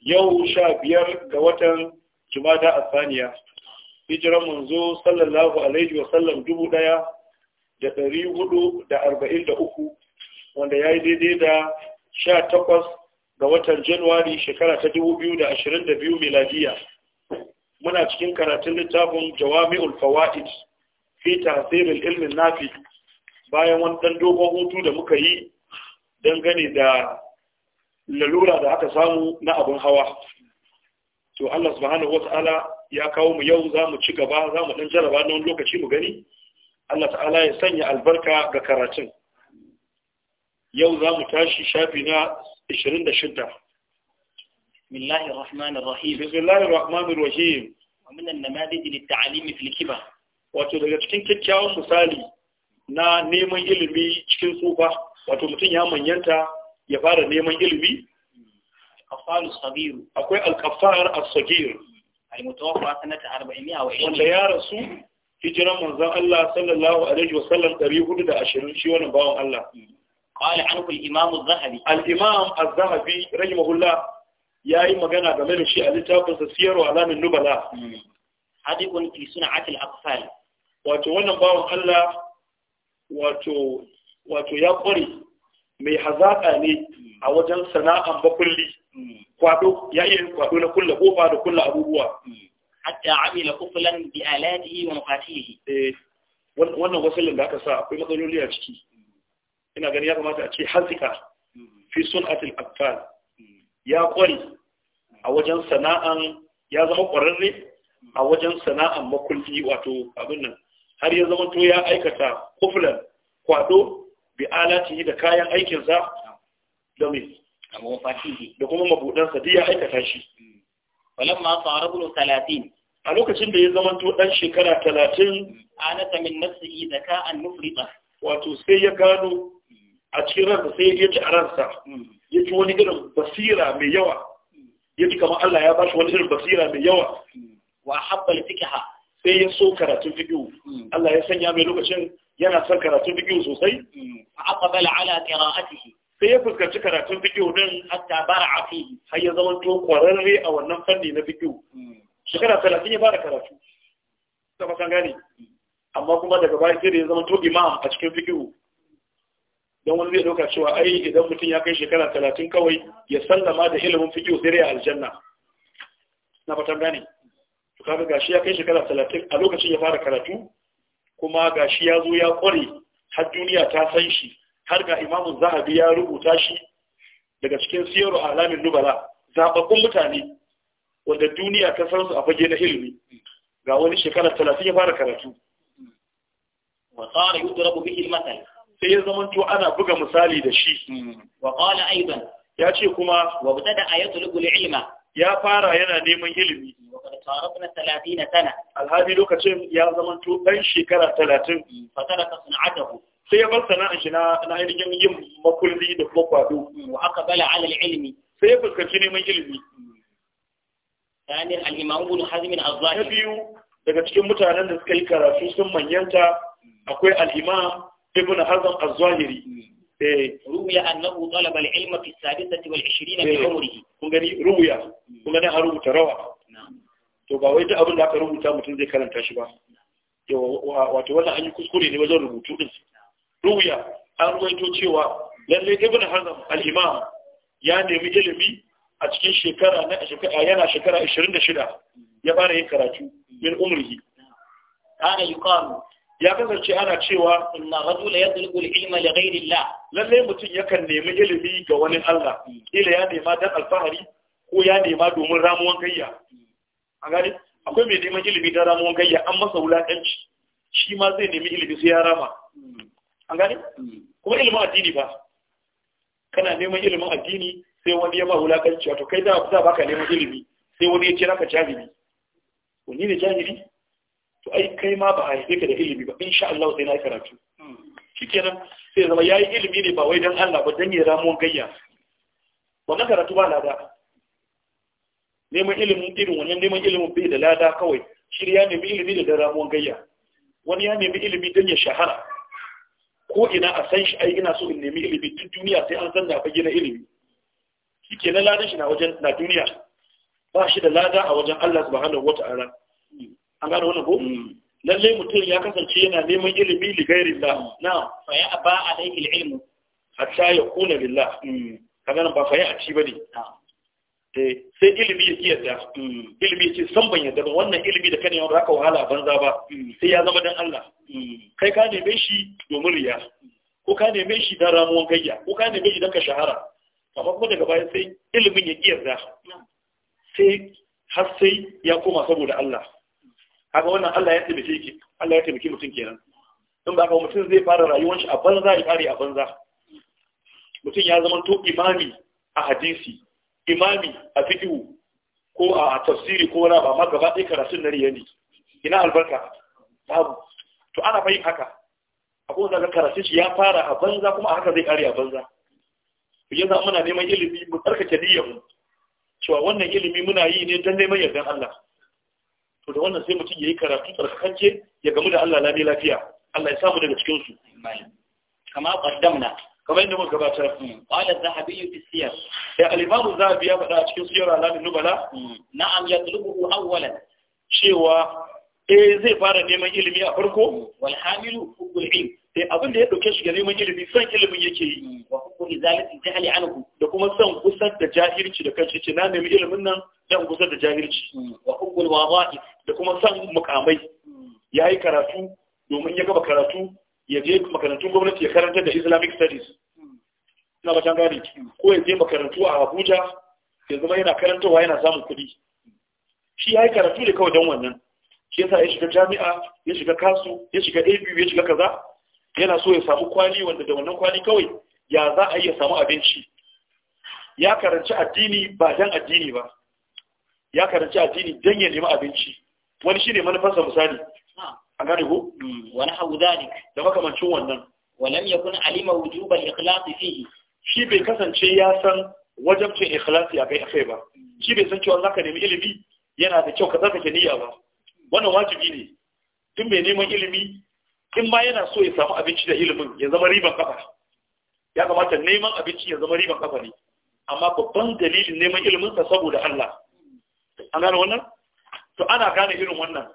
yau sha biyar ga watan jumada a saniya hijiran manzo sallallahu alaihi wasallam dubu daya da ɗari hudu da arba'in da uku wanda ya yi daidai da sha takwas ga watan januwari shekara ta dubu biyu da ashirin da biyu miladiya muna cikin karatun littafin jawami'ul fawa'id fi tasirin ilmin nafi bayan wani ɗan dogon hutu da muka yi dangane da lalura da aka samu na abin hawa to Allah subhanahu wata'ala ya kawo mu yau za mu ci gaba za mu ɗan jaraba na wani lokaci mu gani Allah ta'ala ya sanya albarka ga karatun yau za mu tashi shafi na 26 بسم الله الرحمن الرحيم بسم الله الرحمن الرحيم ومن النماذج للتعليم في الكبر wato daga cikin kyakkyawan misali na neman ilimi cikin tsufa wato mutum ya manyanta ya fara neman ilimi kafaru sabiru akwai alkafar as-sagir al-mutawaffa sanata 420 wanda ya rasu hijiran manzon Allah sallallahu alaihi wa sallam ashirin shi wannan bawan Allah qala anhu al-imam az-zahabi al-imam az-zahabi ya yi magana game da shi a littafinsa sa alamin nubala hmm. hadithun fi suna al-aqfal wato wannan bawan Allah wato wato ya kware mai hazaƙa ne mm. a wajen sana'an bakulli mm. kwado ya iya yin kwado na kulla kofa da kulla abubuwa mm. hatta amila kufulan bi alatihi wa mafatihi eh wannan wasalin da aka sa akwai matsaloli a ciki ina gani ya kamata a ce hazika fi sun'atil atfal ya kwari a wajen sana'an ya zama kwararre a wajen sana'an makulli wato abin nan har ya zama to ya aikata kufulan kwado bi alatihi da kayan aikinsa da mai da kuma mabudansa duk ya aikata shi ma fara bulu 30 a lokacin da ya zama to dan shekara 30 anata min nafsihi zaka'an mufrita wato sai ya gano a cikin ransa sai ya ji a ransa hmm. ya ji wani irin basira mai yawa hmm. ya ji kamar Allah ya bashi wani irin basira mai yawa hmm. wa habba fiqha sai ya so karatun bidiyo. Allah ya sanya mai lokacin yana son karatun bidiyo sosai fa aqbala ala qira'atihi sai ya fuskanci karatun fiqh din hatta bara'a fihi har ya zama to kwararre a wannan fanni na bidiyo. shekara 30 ya fara karatu ta fasan gane amma kuma daga baya sai da ya zama to imam a cikin bidiyo. don wani zai dauka cewa ai idan mutum ya kai shekara talatin kawai ya sallama da ilimin bidiyo sai dai aljanna na fatan gane kaga gashi ya kai shekara 30 a lokacin ya fara karatu kuma gashi ya zo ya kware har duniya ta san shi har ga imamu zahabi ya rubuta shi daga cikin siyaru alamin nubala Zaɓaɓɓun mutane wanda duniya ta san su a fage na ilimi ga wani shekara 30 ya fara karatu wa tsara yudrabu bihi al sai ya zama to ana buga misali da shi wa qala aidan ya ce kuma wa bada ayatul ilma ya fara yana neman ilimi alhali lokacin ya zama to ɗan shekara talatin mm, sai ya bar sana'ar shi na ainihin yin makulli da kuma kwado mm, Wa ilimi. sai ya fuskanci neman ilimi mm. na biyu daga cikin mutanen da suka yi karatu sun manyanta akwai al'imam ibn hazan az-zahiri Eh. ruwiya annahu talaba al-ilma fi as-sadisati wal 20 min umrihi kun gani ruwiya kun gani rawa to ba wai duk abin da aka rubuta mutum zai karanta shi ba wato wannan an yi kuskure ne wajen rubutu din ruwiya an ruwaito cewa lalle ibn hazm al-imam ya nemi ilimi a cikin shekara na shekara yana ya fara yin karatu min umrihi kana yuqalu ya kasance ana cewa inna rajula yadlul ilma li ghayri Allah lalle mutum yakan nemi ilimi ga wani Allah ila ya nema dan alfahari ko ya nema domin ramuwan gayya a gani akwai mai neman ilimi dan ramuwan gayya an masa wulakanci shi ma zai nemi ilimi sai ya rama A gani kuma ilimin addini ba kana neman ilimin addini sai wani ya ma wulakanci wato kai da ba baka neman ilimi sai wani ya kira ka jahili wani ne jahili to ai kai ma ba a haife ka da ilimi ba insha Allah sai na yi karatu shikenan sai zama yayi ilimi ne ba wai dan Allah ba dan ya ramo gayya wannan karatu ba lada neman ilimin irin wannan neman ilimin bai da lada kawai shi ya nemi ilimi da ramon gayya wani ya nemi ilimi dan ya shahara ko ina a san shi ai ina so in nemi ilimi tun duniya sai an san da fage na ilimi shikenan ladan shi na wajen na duniya ba shi da lada a wajen Allah subhanahu wata'ala an gano wani ko hmm. lallai mutum ya kasance yana neman ilimi li gairi la na fa ya a alaihi ilmu hatta ya kuna lillah hmm. kaga ba fa ya ci bane eh sai ilimi ya da hmm. ilimi ce san ban yadda ba wannan ilimi da kane yawan raka wahala banza ba sai ya zama dan Allah kai ka neme shi domin riya ko ka neme shi dan ramuwan gayya ko ka neme shi dan ka shahara amma kuma daga baya sai ilimin ya da sai har sai ya koma saboda Allah kaga wannan Allah ya taimake ki Allah ya taimake mutum kenan in ba ka mutum zai fara rayuwar shi a banza ya kare a banza mutum ya zama to imami a hadisi imami a fiqh ko a tafsiri ko wani ba ma gaba ɗaya karatun na riya ina albarka babu to ana fahim haka akwai wanda ga karatun shi ya fara a banza kuma a haka zai kare a banza yanzu muna neman ilimi mu tsarkake niyyar mu cewa wannan ilimi muna yi ne don neman yardan Allah to da wannan sai mutum ya yi karatu tsarkakance ya gamu da Allah lafiya lafiya Allah ya samu daga cikin su kama qaddamna kamar inda muka gabatar hmm, qala zahabi fi siyar ya alimamu zahabi ya faɗa a cikin siyar alamin nubala hmm, na'am yatlubu awwalan cewa eh zai fara neman ilimi a farko hmm, Walhamilu, hamilu eh abin da ya dauke shi ga neman ilimi san ilimin yake yi mm, wa hukku izalati jahli anhu da kuma san kusar da jahilci da kanshi ce na nemi ilimin nan dan kusar da jahilci mm, wa hukku alwada'i da kuma san mukamai mm. yayi karatu domin ya gaba karatu ya je makarantun gwamnati ya karanta da Islamic studies ina ba gane ko ya je makarantu a Abuja ya zama yana karantawa yana samun kuɗi shi yayi karatu da kawai dan wannan shi yasa ya shiga jami'a ya shiga kasu ya shiga abu ya shiga kaza yana so ya samu kwali wanda da wannan kwali kawai ya za a yi ya samu abinci ya karanci addini ba dan addini ba ya karanci addini dan ya nemi abinci wani shine manufarsa misali an gane ko hmm, wani hau zalik da makamancin wannan walam yakun alima wujubal ikhlasi fihi shi bai kasance ya san wajabcin ikhlasi a kai akai ba hmm. shi bai san cewa ka nemi ilimi yana da kyau ka ke niyya ba wannan wajibi ne tun bai neman ilimi in ma yana so ya samu abinci da ilimin ya zama riban kafa ya kamata neman abinci ya zama riban kafa ne amma babban dalilin neman ilimin sa saboda Allah an gane wannan to ana gane irin wannan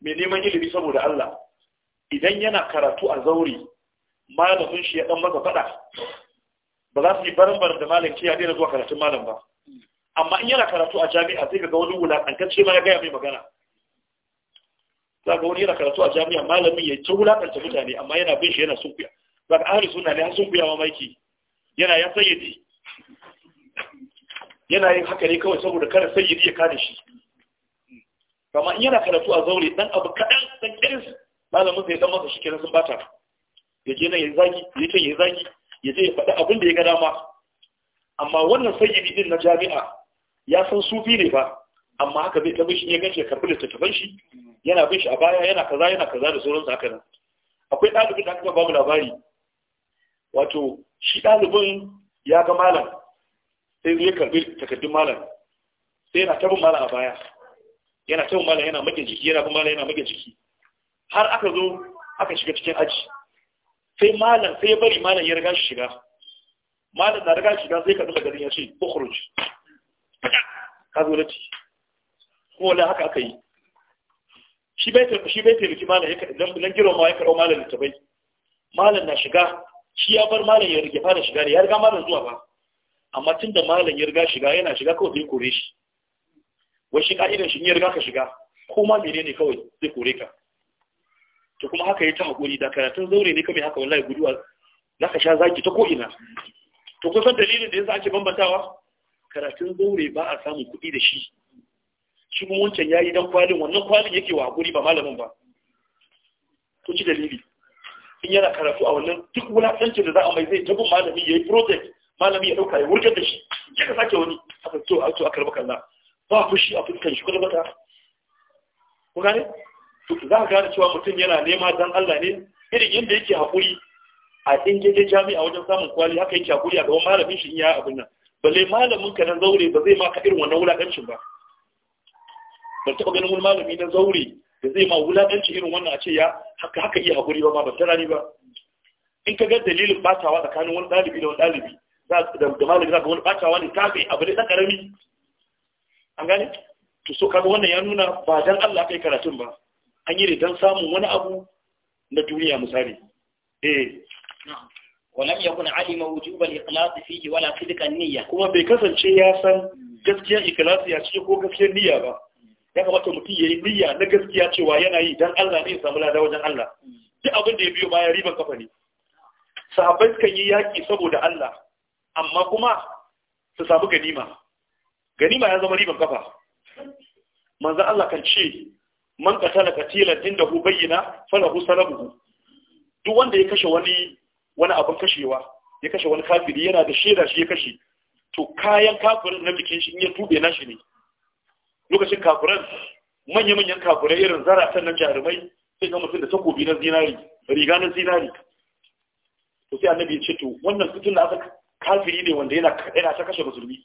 mai neman ilimi saboda Allah idan yana karatu a zauri malamin shi ya dan masa fada ba za su yi barin barin da malam ya daina zuwa karatun malam ba amma in yana karatu a jami'a sai ka ga wani wulakantacce ma ya gaya mai magana za wani yana karatu a jami'a malamin ya ta wulakanta mutane amma yana bin shi yana sunkuya Ba ka ahli suna ne an sunkuya ma maiki yana ya sayyidi yana yin haka ne kawai saboda kada sayyidi ya kare shi kama in yana karatu a zaure dan abu kaɗan dan kiris malamin sai dan masa shi kenan sun bata ya je nan ya zagi ya ce ya zagi ya je ya faɗi abin da ya ga dama amma wannan sayyidi din na jami'a ya san sufi ne ba, amma haka zai ta mishi ya ganci ya karɓi littattafan shi yana bin shi a baya yana kaza yana kaza da sauran haka nan akwai ɗalibin da aka ba mu labari wato shi ɗalibin ya ga malam sai zai karbi takardun malam sai yana tabin malam a baya yana tabin malam yana mage jiki yana bin malam yana mage jiki har aka zo aka shiga cikin aji sai malam sai ya bari malam ya riga shi shiga malam na riga shiga sai ka zuba garin ya ce ko kuruci ka zo lati ko wala haka aka yi shi bai shi bai taimaki malam ya dan dan girma ya karo malam littafai malam na shiga shi ya bar malam ya rige fara shiga ne ya riga malam zuwa ba amma tun da malam ya riga shiga yana shiga kawai zai kore shi wai shi ka'idan shi ya riga ka shiga ko ma menene kawai zai kore ka to kuma haka ya ta hakuri da karatun zaure ne kamar haka wallahi guduwa zaka sha zaki ta ko ina to kusan dalilin da yasa ake bambantawa karatun zaure ba a samun kuɗi da shi shi mun wancan ya yi don kwalin wannan kwalin yake wa guri ba malamin ba to ci dalili in yana karatu a wannan duk wulaƙancin da za a mai zai tabin malami ya yi project malami ya ɗauka ya wurgar da shi ya ka sake wani a fito a to a karɓi kalla ba fushi a fuskan shi kuma ta ku gane to za ka gane cewa mutum yana nema dan Allah ne irin yadda yake haƙuri a ɗin jeje jami'a wajen samun kwali haka yake hakuri a gaban malamin shi in ya abin nan balle malamin ka na zaure ba zai maka irin wannan wulaƙancin ba ban taɓa ganin wani malami na zaure da zai ma wulaƙanci irin wannan a ce ya haka haka iya haƙuri ba ma ban tarani ba in ka ga dalilin batawa tsakanin wani ɗalibi da wani ɗalibi da malami za ka wani batawa ne ta fi abu ne ɗan ƙarami an gane to so kaga wannan ya nuna ba dan Allah kai karatun ba an yi dan samun wani abu na duniya misali eh ولم يكن علم وجوب الاخلاص فيه ولا صدق النيه kuma bai kasance ya san gaskiyar ikhlasi ya ce ko gaskiyar niyya ba ya kamata mutum ya yi niyya na gaskiya cewa yana yi don Allah ne ya samu lada wajen Allah duk abin da ya biyo baya riban kafa ne sahabbai sukan yi yaƙi saboda Allah amma kuma su samu ganima ganima ya zama riban kafa manzo Allah kan ce man qatala qatilan inda hu bayyana falahu buhu duk wanda ya kashe wani wani abin kashewa ya kashe wani kafiri yana da shaida shi ya kashe to kayan kafirin na bikin shi in ya tuɓe na shi ne lokacin kafuran manya-manyan kafurai irin zaratan nan jarumai sai ga mutum da takobi na zinari riga na zinari to sai annabi ya ce to wannan fitin da aka kafiri ne wanda yana yana ta kashe musulmi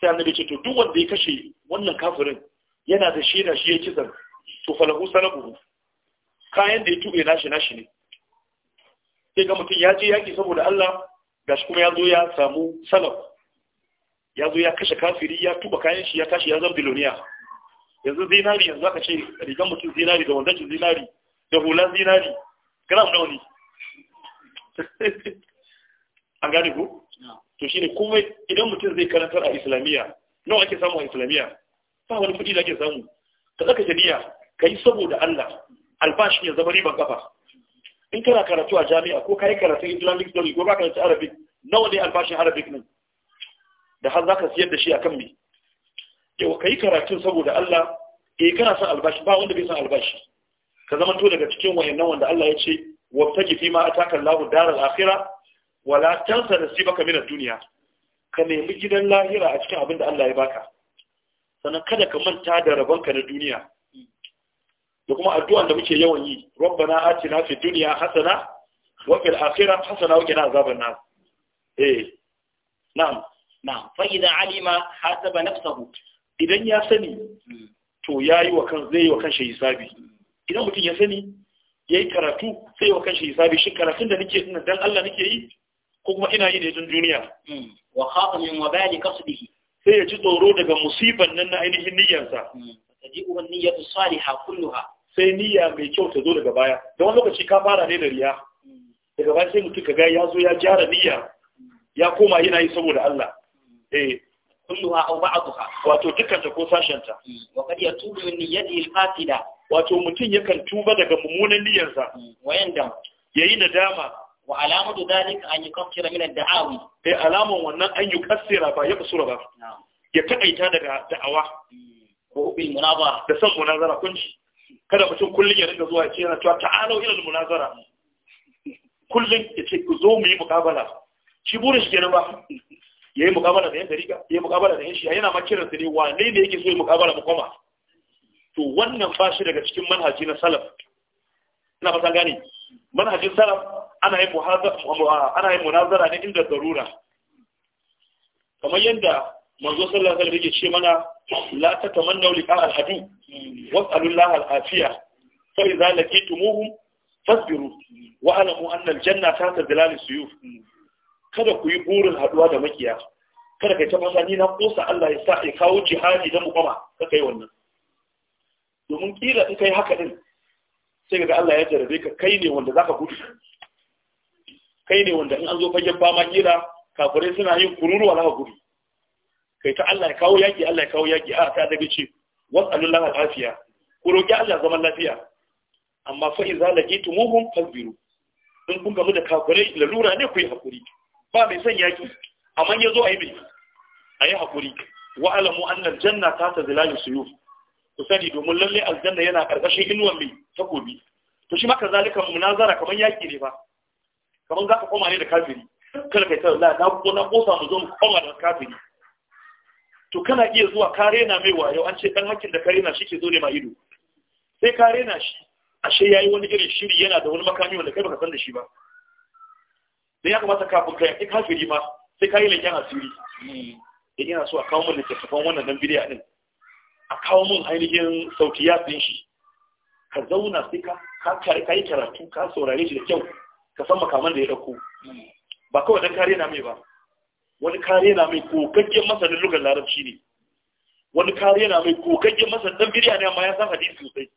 sai annabi ya ce to duk wanda ya kashe wannan kafirin yana da shaida shi ya kisa to falahu sanabu kayan da ya tube nashi nashi ne sai ga mutum ya je yaki saboda Allah gashi kuma ya zo ya samu salaf ya zo ya kashe kafiri ya tuba kayan shi ya tashi ya zama biloniya yanzu zinari yanzu aka ce rigar mutum zinari da wandancin zinari da hulan zinari gram nawa ne an gane ku to shi ne kuma idan mutum zai karantar a islamiyya nawa ake samu a islamiyya ba wani kuɗi da ake samu ka tsaka jami'a ka yi saboda allah albashin ya zama riban kafa in kana karatu a jami'a ko ka yi karatun islamic story ko ba ka ta arabic nawa ne albashin arabic nan da har zaka siyar da shi akan me yau kai karatun saboda Allah eh kana son albashi ba wanda bai son albashi ka zama to daga cikin wayannan wanda Allah ya ce wabtaji fi ma ataka Allahu daral akhirah wala tansa nasibaka min ad-dunya ka nemi gidan lahira a cikin abin da Allah ya baka sannan kada ka manta da rabonka na duniya da kuma addu'an da muke yawan yi rabbana atina fi dunya hasana wa fil akhirati hasana wa qina azaban nar eh na'am na fa'ida alima hasaba nafsahu idan ya sani to yayi wa kan zai wa kan shi hisabi idan mutum ya sani yayi karatu sai wa kan shi hisabi shi karatun da nake ina dan Allah nake yi ko kuma ina yi ne don duniya hmm. wa khafa min kasu qasdihi sai ya ji tsoro daga musiban nan na ainihin niyyarsa hmm. taji'u an-niyyatu salihah kulluha sai niyya mai kyau ta zo daga baya da wani lokaci ka fara ne da riya hmm. daga baya sai mutum ka ga ya zo ya gyara niyya ya koma yana yi saboda Allah eh kulluha aw ba'daha wato dukkan ta ko sashen ta mm, wa qad yatubu min yadi al-fasida wato mutum yakan tuba daga mummunan niyyarsa mm, wayan da yayi nadama wa alamatu dalika an yukaffira min ad-da'awi eh alaman wannan an yukaffira ba ya kusura ba ya takaita daga da'awa ko mm, bil munazara da san munazara kunci kada mutum kullum ya rinka zuwa ce yana cewa ta'alau ila al-munazara kullum ya ce ku zo mu yi muqabala shi burin shi kenan ba yayi muqabala da yan dariƙa yayi muqabala da yan shi yana ma kiran su ne wane ne yake so ya muqabala mu koma to wannan ba shi daga cikin manhaji na salaf ina fata gane manhajin salaf ana yin muhazara ana yin munazara ne inda darura kamar yadda manzo sallallahu alaihi wasallam yake ce mana la tatamannu liqa al-adu was'alu Allah al-afiya fa idza laqitumuhum fasbiru wa alamu anna al-janna tahta dhilal as-suyuf kada ku yi burin haduwa da makiya kada kai ta masa ni na kosa Allah ya sa ya kawo jihadi da mukama ka kai wannan domin kila in kai haka din sai ga Allah ya jarabe ka kai ne wanda zaka gudu kai ne wanda in an zo fagen fama kila kafirai suna yin kururuwa ka gudu kai ta Allah ya kawo yaki Allah ya kawo yaki a ta daga ce wasallallahu afiya ku roki Allah zaman lafiya amma fa idza laqitumuhum fasbiru in kun gamu da kafirai lalura ne ku yi hakuri ba mai son yaki amma ya zo a yi mai a yi haƙuri wa alamu annal janna ta ta zilali suyu ku sani domin lalle aljanna yana ƙarƙashin inuwan mai takobi to shi maka zalika munazara kamar yaki ne ba. kamar za ka koma ne da kafiri kada kai ta la na ko na kosa mu zo mu koma da kafiri to kana iya zuwa kare na mai wayo an ce dan hakkin da kare na shi ke zo ne ma ido sai kare na shi ashe yayi wani irin shiri yana da wani makami wanda kai baka san da shi ba sai ya kamata kafin ka yaƙi kafiri ma sai ka yi leƙen asiri hmm. eh, in yana so a kawo min littattafan wannan dan bidiya din a kawo min ainihin ya fi shi ka zauna sai ka ka yi karatu ka saurare shi da kyau ka san makaman da ya dauko hmm. ba kawai dan kare na mai ba wani kare na mai kokakken masanin lugar larabci ne wani kare na mai kokakken masanin dan bidiya ne amma ya san hadisi sosai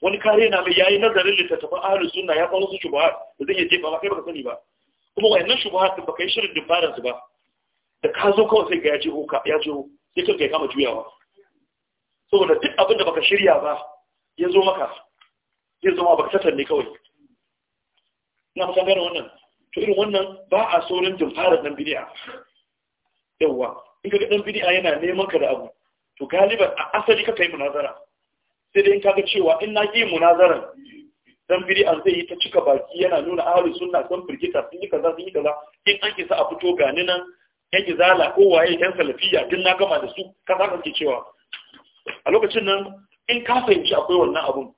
wani kare na mai yayi nazarin littattafan ahlus sunna ya kawo su shubuhat da zai iya jefa ba kai baka sani ba kuma wayannan shubuhat din baka yi shirin dimbaran su ba da ka zo kawai sai ga ya je hoka ya je sai kanka kama juyawa saboda duk abin da baka shirya ba ya zo maka zai zama baka tattar ne kawai ina fata gane wannan to irin wannan ba a saurin dimbaran dan bidiya yawwa in ka ga dan bidiya yana neman ka da abu to galiban a asali ka kai munazara sai dai kaga cewa in na yi munazaran dan bid'a zai yi ta cika baki yana nuna ahlus sunna sun firgita sun yi kaza sun yi kaza in an kisa a fito gani nan yan zala, ko waye yan salafiya din na gama da su ka ka kake cewa a lokacin nan in ka fahimci akwai wannan abun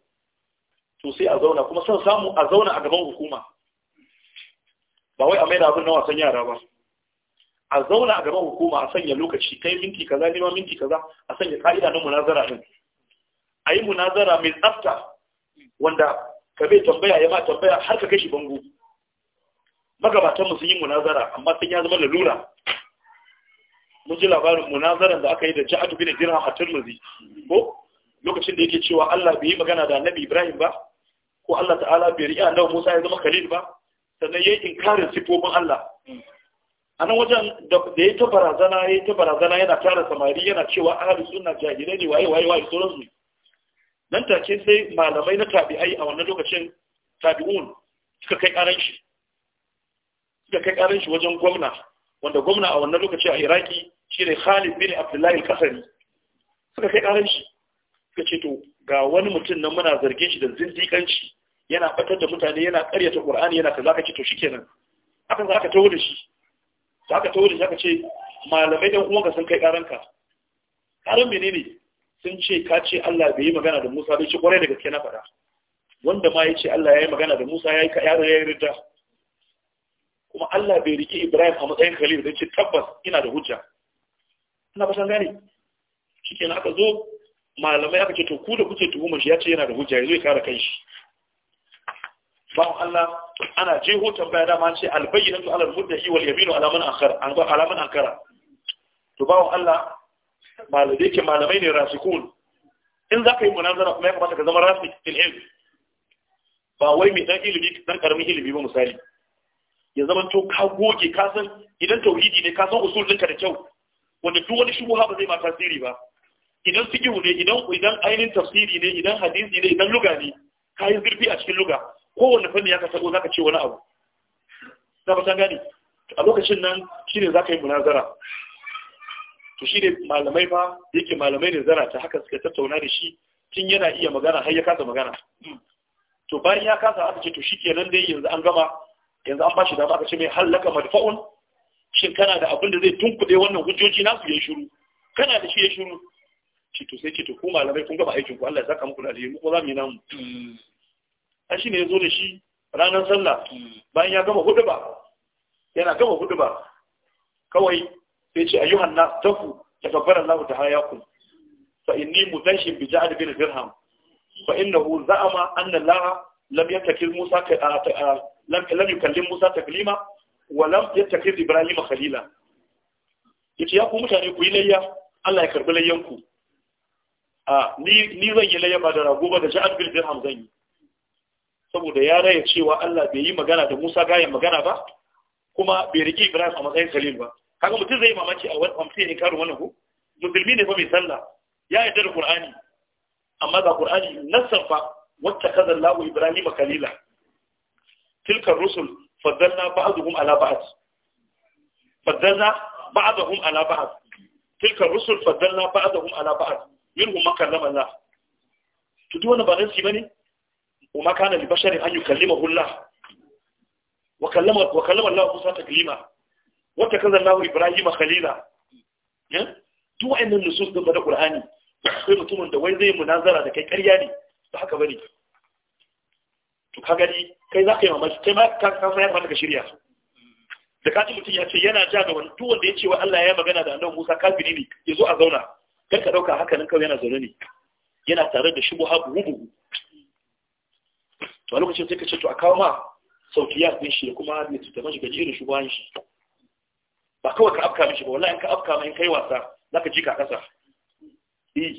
to sai a zauna kuma son samu a zauna a gaban hukuma ba wai a maida abin na wasan yara ba a zauna a gaban hukuma a sanya lokaci kai minti kaza nima minti kaza a sanya ka'ida na munazara din a yi munazara mai tsafta wanda ka bai tambaya ya ba tambaya har ka kashi bango magabatanmu sun yi munazara amma sun ya zama lalura mun ji labarin munazaran da aka yi da ja'adu bin dirham a turmuzi ko lokacin da yake cewa Allah bai yi magana da Annabi Ibrahim ba ko Allah ta'ala bai riya Annabi Musa ya zama khalil ba sannan yayin inkarin sifofin Allah a nan wajen da ya ta barazana ya ta barazana yana tara samari yana cewa ahlus sunna jahilai ne waye waye waye sauransu nan take sai malamai na tabi'ai a wannan lokacin tabi'un suka kai karan shi suka kai karan shi wajen gwamna wanda gwamna a wannan lokaci a iraki shine khalid bin abdullahi al-kasari suka kai karan shi suka ce to ga wani mutum nan muna zargin shi da zindiƙanci yana batar da mutane yana ƙaryata qur'ani yana kaza ka to shikenan akan za ka tawo da shi za ka tawo da shi aka ce malamai dan uwanka sun kai karanka karan menene sun ce ka ce Allah bai yi magana da Musa bai ce kwarai da gaske na faɗa wanda ma ya ce Allah ya yi magana da Musa ya yi yaro ya yi ridda kuma Allah bai riƙe Ibrahim a matsayin Khalil don ce tabbas ina da hujja ina fatan gane shike na aka zo malamai aka ce to ku da kuke tuhumar shi ya ce yana da hujja ya zo ya kare kanshi bawan Allah ana jeho tambaya dama ce albayyinatu alal muddahi wal yabinu ala man ankara an ga ala man to bawan Allah malamai ke malamai ne rasikun in za ka yi munazara kuma ya kamata ka zama rasik in ilm ba wai mai dan ilimi dan karamin ilimi ba misali ya zama to ka goge ka san idan tauhidi ne ka san usul ɗinka da kyau wanda duk wani shubuha ba zai ma tasiri ba idan fiqhu ne idan idan ainihin tafsiri ne idan hadisi ne idan luga ne ka yi zurfi a cikin luga kowanne fanni ya ka za ka ce wani abu na ba ta gane a lokacin nan shine ka yi munazara to shi ne malamai ba yake malamai ne zara ta haka suka tattauna da shi tun yana iya magana har ya kasa magana to bayan ya kasa aka ce to shi kenan dai yanzu an gama yanzu an bashi dama aka ce mai halaka madfa'un shin kana da abin da zai tunkuɗe wannan hujjoji su ya shiru kana da shi ya shiru shi to sai ce to ku malamai kun gama aikin ku Allah ya saka muku da alheri ko za mu yi namu an shi ne ya zo da shi ranar sallah hmm. bayan ya gama hudu ba yana gama hudu ba kawai sai ce ayyuhan nas taku takabbara Allah ta hayakum fa inni mudashim bi ja'd bin dirham fa innahu za'ama anna Allah lam yattakil Musa lam lam yukallim Musa taklima wa lam yattakil Ibrahim khalila yace ya ku mutane ku yi layya Allah ya karbi layyanku a ni ni zan yi layya ba da rago ba da ja'd bin dirham zan yi saboda ya raya cewa Allah bai yi magana da Musa gayan magana ba kuma bai riki Ibrahim a matsayin Khalil ba kaga mutum zai mamaki a wani mutum ya karu wannan ku? musulmi ne fa mai sallah ya yarda da qur'ani amma ga ƙur'ani nassan fa wacce kaza Allahu Ibrahim kalila tilka rusul faddalna ba'dhum ala ba'd faddalna ba'dhum ala ba'd tilka rusul faddalna ba'dhum ala ba'd minhum man kallama Allah to duk wannan ba gaskiya bane وما كان لبشر أن Wa الله وكلم وكلم الله موسى تكليما wata kaza Allah Ibrahim Khalila ya duk wa'annan nusus da da Qur'ani sai mutumin da wai zai munazara da kai ƙarya ne ba haka bane to ka gani kai za ka yi mamaki kai ma ka ka sai ka shirya da ji mutum ya ce yana ja ga wani duk da ya ce wa Allah ya magana da Annabi Musa kafiri ne ya zo a zauna kar ka dauka haka nan kawai yana zaune ne yana tare da shubuha buhu to a lokacin sai ka ce to a kawo ma sautiyar din shi da kuma littattafan shi gaji irin shubuhan shi ba kawai ka afka mishi ba wallahi in ka afka mai kai wasa zaka ji ka kasa eh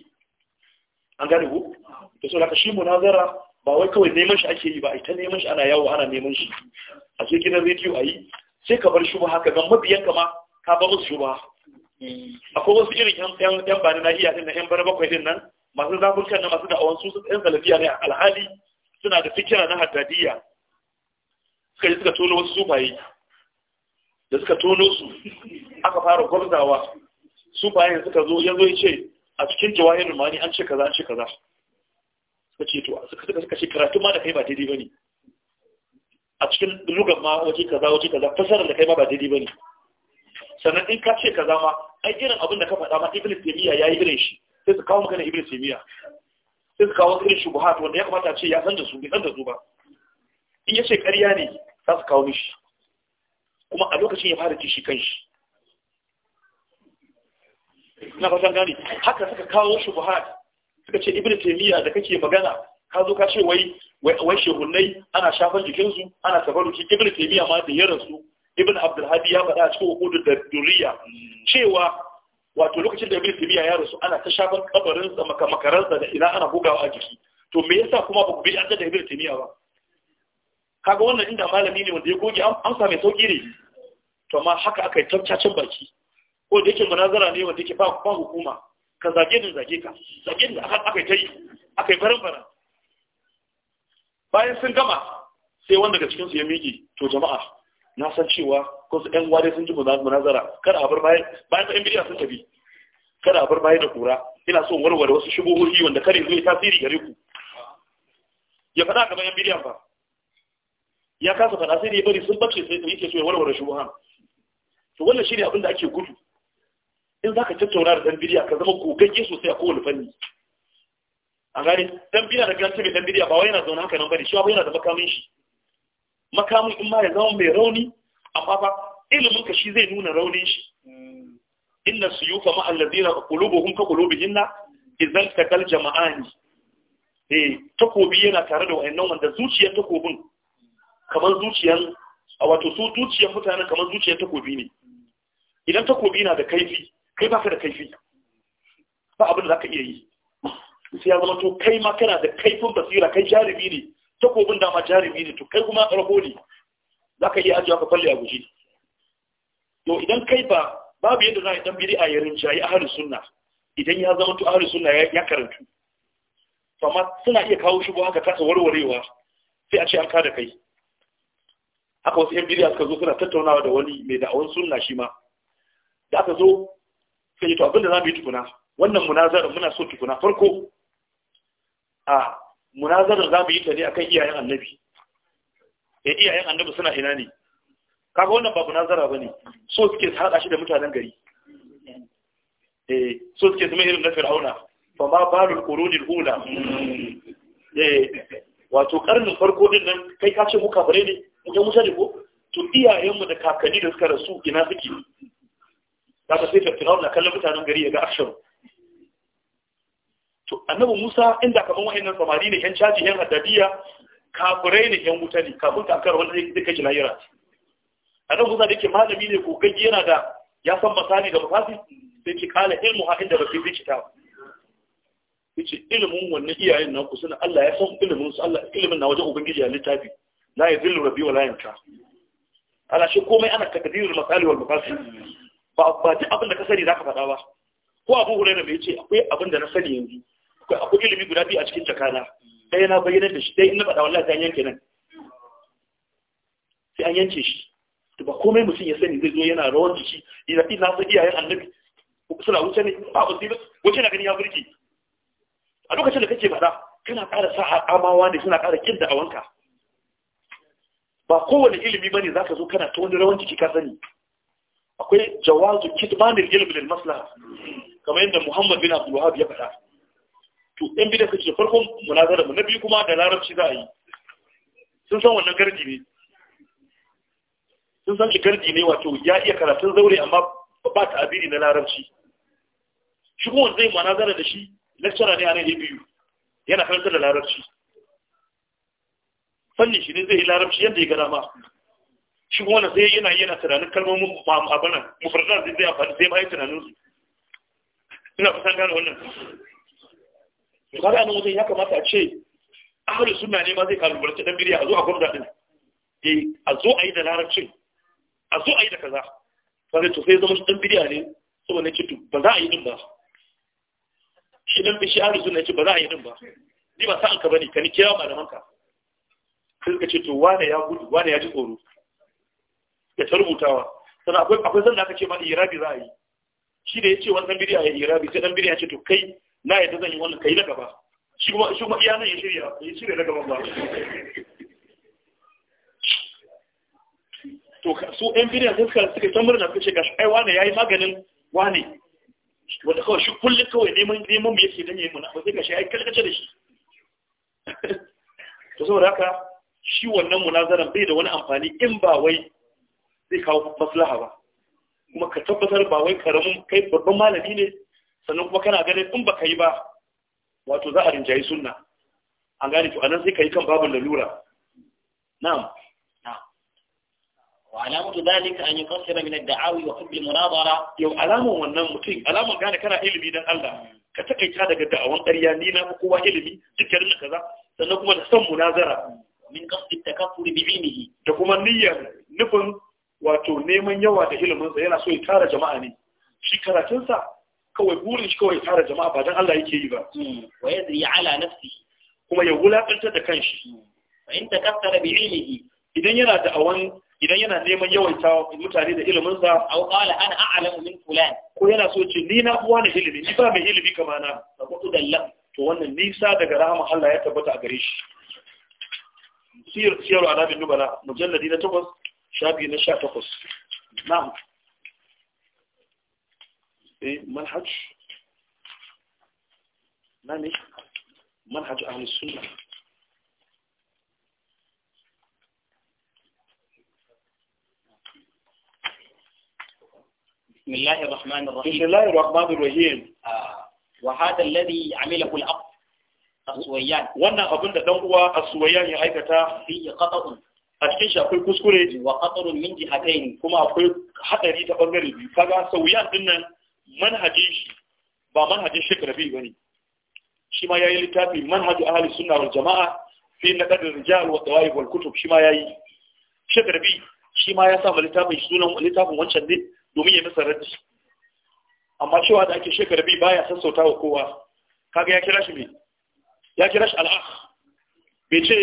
an gane ku to so laka shi munazara ba wai kawai neman shi ake yi ba ta neman shi ana yawo ana neman shi a cikin gidan rediyo ayi sai ka bar ba haka ga mabiyan ka ma ka ba musu shubha akwai wasu irin yan yan yan bani na iya din na yan bara bakwai din nan masu zafin kan na masu awan su yan salafiya ne alhali suna da fikira na haddadiya suka je suka tono wasu sufaye da suka tono su aka fara gwamzawa su bayan suka zo ya zo ya ce a cikin jawahir rumani an ce kaza an ce kaza suka ce to suka suka ce karatu ma da kai ba daidai bane a cikin lugan ma waje kaza waje kaza fasarar da kai ma ba daidai bane sannan in ka ce kaza ma ai irin abin da ka faɗa ma iblis ya yayi irin shi sai su kawo maka na iblis taymiya sai su kawo irin shubuhat wanda ya kamata a ce ya san da su bai san da su ba in ya ce ƙarya ne za su kawo mishi kuma a lokacin ya fara kan shi kanshi na fatan gani haka suka kawo buhari suka ce ibn taymiya da kake magana ka zo ka ce wai wai shehunai ana shafan jikinsu ana tabaruki ibn taymiya ma da ya rasu ibn abdulhadi ya faɗa a cikin hukudu da duriya cewa wato lokacin da ibn taimiyya ya rasu ana ta shafar kabarin sa makaransa da ina ana bugawa a jiki to me yasa kuma ba ku bi an da ibn tabiya ba kaga wannan inda malami ne wanda ya goge amsa mai sauki ne to ma haka aka yi tabbacin baki ko da yake munazara ne wanda yake ba hukuma ka zage ni zage ka zage ni aka yi ta yi aka yi farfara bayan sun gama sai wanda daga cikinsu ya miƙe to jama'a na san cewa ko su ɗan ware sun ji munazara kada a bar bayan bayan ƴan bidiya sun tafi kada a bar bayan da kura ina so warware wasu shubuhohi wanda kare zai tasiri gare ku ya faɗa gaban ƴan bidiyan ba ya kasa faɗa sai ne bari sun bace sai da yake so ya warware shubuhan to wannan shi abin da ake gudu in za ka tattauna da dambiriya ka zama gogagge sosai a kowane fanni a gane dan da gance mai dan ba wai yana zaune haka nan bane shi ba yana da makamin shi makamin in ma ya zama mai rauni amma ba ilimin ka shi zai nuna raunin shi inna suyufa ma allazina qulubuhum ka qulubihinna idan takal jama'ani eh takobi yana tare da wayannan wanda zuciyar takobin kamar zuciyar a wato su zuciyar mutanen kamar zuciyar takobi ne idan takobi na da kaifi kai baka da kaifi ba abin da zaka iya yi sai ya zama to kai ma kana da kaifin basira kai jarumi ne takobin ma jarumi ne to kai kuma rago ne zaka iya ajiya ka falle a guji to idan kai ba babu yadda za a dan biri a yarin jayi ahlus sunna idan ya zama to ahlus sunna ya karantu to amma suna iya kawo shi haka kasa warwarewa sai a ce an kada kai haka wasu yan biriya suka zo suna tattaunawa da wani mai da'awar sunna shi ma da aka zo sai yi to abinda za mu yi tukuna wannan munazarar muna so tukuna farko a munazarar za mu yi ta ne akan iyayen annabi eh iyayen annabi suna ina ne kaga wannan ba munazara ba ne, so suke su haɗa shi da mutanen gari eh, so suke zama irin na fir'auna ba ma balul qurunil ula eh, wato karnin farko din nan kai ka ce mu kafare ne mu ga mutane ko to iyayenmu da kakanni da suka rasu ina suke kaga sai fir'aun na kallon mutanen gari ya ga action to annabi Musa inda kaman wayannan samari ne yan caji yan haddadiya kafirai ne yan wuta ne kafin kakar wanda yake kai lahira annabi Musa da yake malami ne kokagi yana da ya san masani da mafasi sai ki kala ilmu ha inda baki zikita yace ilmun wannan iyayen nan ku suna Allah ya san ilimin su Allah ilimin na waje ubangiji ya littafi la yadhillu rabbi wa la yanka ala shi komai ana takdirul masali wal mafasi ba ba duk abin da ka sani zaka faɗa ba ko abu da bai ce akwai abin da na sani yanzu akwai ilimi guda biyu a cikin jakana ɗaya na bayyana da shi ɗaya in na faɗa wallahi ta yanke nan sai an yanke shi to ba komai mutum ya sani zai zo yana rawar jiki ina ina san iyayen annabi suna wuce ne ba ku sai wuce na gani ya burge a lokacin da kake faɗa kana ƙara sa amawa ne suna ƙara kin da awanka ba kowane ilimi bane zaka zo kana ta wani rawar jiki ka sani akwai jawazu kitmanil ilmi lil maslaha kamar yadda Muhammad bin Abdul Wahhab ya faɗa to ɗan da kace farkon munazara mu na biyu kuma da larabci za a yi sun san wannan gardi ne sun san shi gardi ne wato ya iya karatun zaure amma ba ta abiri na larabci shi kuma zai munazara da shi lecturer ne a nan biyu yana karantar da larabci fanni shi ne zai yi larabci yadda ya gada ma shi kuma wannan sai yana yana tunanin kalmomin abana mufradan zai zai amfani sai ma yi tunanin su ina kusan gane wannan to kaga anan wajen ya kamata a ce ahlus suna ne ma zai kalubalance dan biriya a zo a gwamna din eh a zo a yi da larabcin a zo a yi da kaza kaga to sai zama shi dan biriya ne saboda ce to ba za a yi din ba shi dan bishi ahlus sunna ce ba za a yi din ba ni ba sa'an ba ne, ka ni kira malamanka. ka sai ka ce to wane ya gudu wane ya ji tsoro ya ta rubutawa sannan akwai akwai zan da aka ce ma irabi za a yi shi da ya ce wani dan bidiya ya irabi sai dan bidiya ya ce to kai na yadda zan yi wannan kai na gaba shi kuma shi kuma iya nan ya shirya ya shirya na gaba. ba to su yan bidiya sai suka suka ta murna suka ce ga ai wane yayi maganin wane wanda kawai shi kullum kawai neman neman mu yake dan yayi muna ba sai shi ai kalkace da shi to saboda haka shi wannan munazaran bai da wani amfani in ba wai zai kawo maslaha ba kuma ka tabbatar ba wai karamin kai babban malami ne sannan kuma kana ganin in baka yi ba wato za a rinjayi sunna an gane to anan sai ka yi kan babin lalura na'am Wa وعلامة ذلك أن يقصر da'awi wa وحب munadara Yau, علامة wannan mutum alaman gane kana ilimi dan Allah ka takaita daga da'awan ƙarya ni na kowa ilimi dukkan kaza sannan kuma da san munazara min qasdi takaffur bi da kuma niyyar nufin wato neman yawa da iliminsa yana so ya tara jama'a ne shi karatunsa kawai burin shi kawai tara jama'a ba don Allah yake yi ba hmm. wa yadri ala nafsi kuma ya wulakantar da kanshi hmm. fa in takaffara bi ilmihi idan yana da awan idan yana neman yawaita mutane da iliminsa aw qala ana a'lamu min fulan ko yana so ce ni na uwa ne ilimi ni ba mai ilimi kama na fa qudalla to wannan nisa daga rahama Allah ya tabbata a gare shi siyar siyar alamin nubala mujalladi na takwas. شاب ينشا فقص نعم ايه منهج manhaj نعم. منهج اهل السنه بسم الله الرحمن الرحيم بسم الله الرحمن الرحيم آه، وهذا الذي عمله الأب السويان وانا أبن دنقوا السويان يحيكتا فيه قطع a cikin shi akwai kuskure wa qatarun min jihatayn kuma akwai hadari ta bangare biyu kaga sauyan din nan manhajin shi ba manhajin Sheikh Rabi bane shi ma yayi littafi manhaju ahli sunna wal jamaa fi naqd rijal wa tawaif wal kutub shi ma yayi Sheikh Rabi shi ma ya sa littafin sunan littafin wancan ne domin ya masa raddi amma cewa da ake Sheikh Rabi baya sassauta wa kowa kaga ya kira shi me ya kira shi al-akh bai ce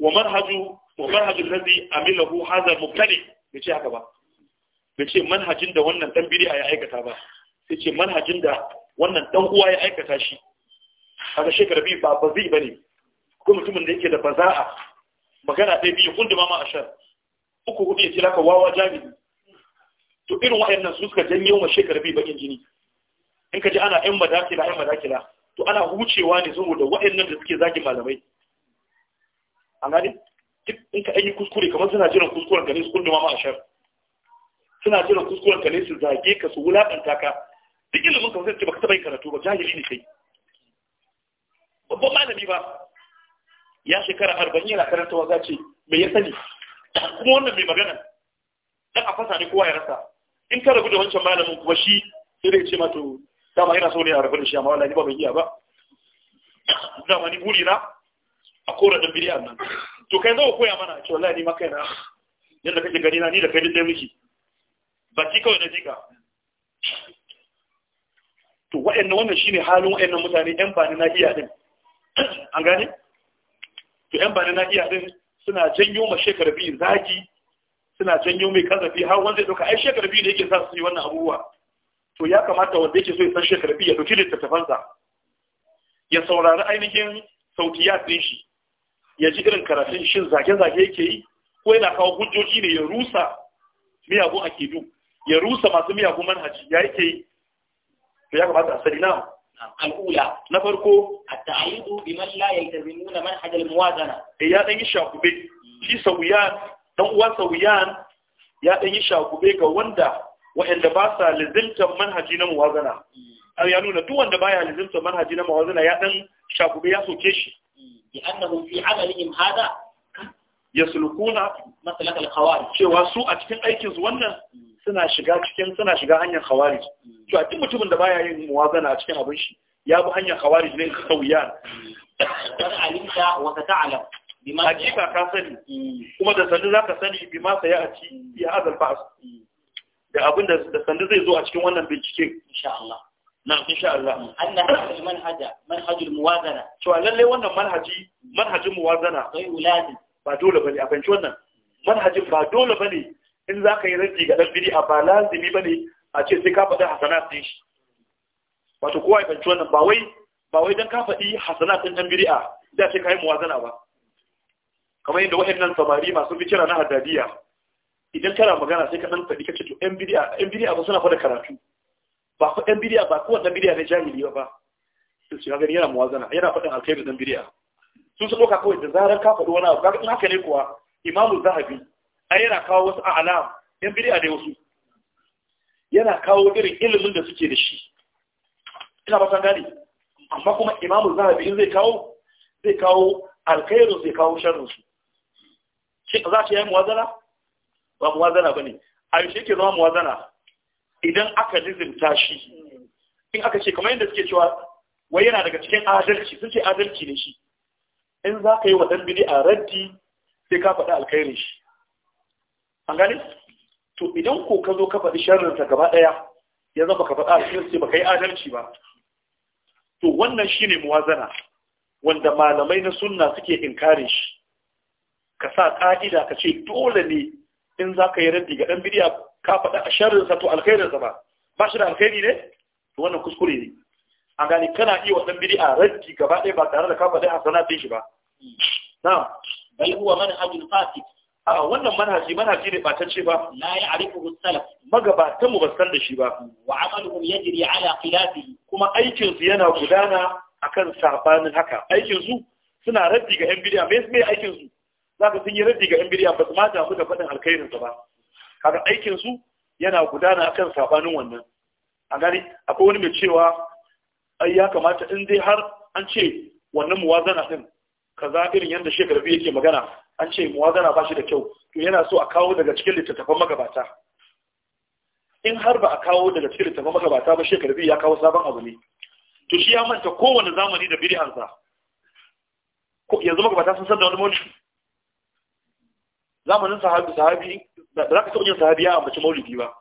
wa manhaju wa manhajul ladhi amilahu hadha mubtadi bai ce haka ba bai ce manhajin da wannan dan bid'a ya aikata ba sai ce manhajin da wannan dan uwa ya aikata shi kaga shekara biyu ba ba zai bane ko mutumin da yake da baza'a magana ɗaya biyu kun da mama ashar uku hudu ya kira ka wawa jami'i to irin waɗannan su suka janyo ma shekara biyu bakin jini in ka ji ana yan madakila yan madakila to ana hucewa ne saboda waɗannan da suke zagi malamai a gani duk in ka yi kuskure kamar suna jiran kuskuren ka ne su kullum ma a suna jiran kuskuren ka ne su zage ka su wulaƙanta ka duk ilimin ka zai ce baka taɓa yin karatu ba jahili ne kai babban malami ba ya shekara arba'in yana karanta wa ce mai ya sani kuma wannan mai magana dan a fasa ne kowa ya rasa in ka rabu da wancan malamin kuma shi sai dai ce ma mato dama ina so ne a rabu da shi amma wallahi ba bai iya ba dama ni burina, a kora dan bid'a nan to kai zo koya mana ce wallahi ni ma na yadda kake gani na ni da kai duk dai miki ki kawai na jika to wa'annan wannan shine halin wa'annan mutane yan ni na iya din an gane to yan ni na iya din suna janyo ma shekara biyu zaki, suna janyo mai kazafi har wanda ya ɗauka ai shekara biyu da yake sa su yi wannan abubuwa to ya kamata wanda yake so ya san shekara biyu ya ɗauki littattafansa ya saurari ainihin sautiyat din shi ya ji irin karatun shin zage-zage yake yi ko yana kawo hujjoji ne ya rusa miyagun akidu ya rusa masu miyagun manhaji ya yake yi to ya kamata a sani na al'ula na farko a ta'ayidu bi man la yaltazimuna manhaj al-muwazana eh ya dan yi shakube shi sauyan dan uwan sauyan ya dan yi shakube ga wanda wa'anda ba sa lizimtar manhaji na muwazana mm. ya nuna duk wanda baya lizimtar manhaji na muwazana ya dan shakube ya soke shi لأنهم في Ya هذا يسلكون مثلا الخوارج cewa su a cikin aikin su wannan suna shiga cikin suna shiga mm. a cikin mutumin da baya yin muwazana a cikin abin shi ya bi hanyar khawarij ne sauyan dan mm. alimta wa ta'lam bima hakika ka sani mm. kuma da sanda zaka sani bima saya a ci ya da abin da sanda zai zo a cikin wannan bincike insha na insha Allah anna hadha manhaja manhajul muwazana cewa lalle wannan manhaji manhajin muwazana sai uladi ba dole bane a fanci wannan manhajin ba dole bane in zaka yi raddi ga dan a ba lazimi bane a ce sai ka fada hasanat din shi wato kowa ya fanci wannan ba wai ba wai dan ka fadi hasanat din dan a da sai kai muwazana ba kamar yadda waɗannan samari masu fikira na hadadiya idan kana magana sai ka dan faɗi kace to yan bid'a yan a ba suna fada karatu ba fa biriya bidiya ba kowanne dan bidiya ne jahili ba ba to shi gani yana muwazana yana faɗin alkhairi ɗan biriya. Sun su doka kawai da zarar ka faɗi wani abu kaga in haka ne kuwa imamu zahabi ai yana kawo wasu a'lam yan biriya ne wasu yana kawo irin ilimin da suke da shi ina ba san gani amma kuma imamu zahabi in zai kawo zai kawo alkhairin zai kawo sharrin su shi za ta yi muwazana ba muwazana bane a yaushe ke zama muwazana idan aka lizimta shi in aka ce kamar yadda suke cewa wai yana daga cikin adalci sun ce adalci ne shi in za ka yi wa ɗanbini a raddi sai ka faɗi alkhairin shi an gane to idan ko ka zo ka faɗi sharrinsa gaba ɗaya ya zama ka faɗa alkhairin sai ba ka yi adalci ba to wannan shi ne muwazana wanda malamai na sunna suke inkarin shi ka sa ƙa'ida ka ce dole ne in za ka yi raddi ga ɗan bidiya ka faɗa sharrinsa to alkhairinsa ba ba shi da alkhairi ne to wannan kuskure ne an gani kana iya wasan a rajji gaba ɗaya ba tare da ka faɗi sana din shi ba na bai huwa manhajul fasid a wannan manhaji manhaji ne ce ba la arifu salaf magabatan mu basan da shi ba wa amaluhum yajri ala khilafihi kuma aikin su yana gudana akan sabanin haka aikin su suna raddi ga yan bid'a me me aikin su zaka sun yi raddi ga yan bid'a ba su ma damu da faɗin alkhairin ba kaga aikin su yana gudana akan sabanin wannan a gani akwai wani mai cewa ai ya kamata in dai har an ce wannan muwazana din kaza irin yadda shekara biyu yake magana an ce muwazana ba shi da kyau to yana so a kawo daga cikin littattafan magabata in har ba a kawo daga cikin littattafan magabata ba shekara biyu ya kawo sabon abu ne to shi ya manta kowane zamani da bid'ansa ko yanzu magabata sun san da wani mulki zamanin sahabi sahabi da za ka taɓa yin sahabi ya ambaci maulidi ba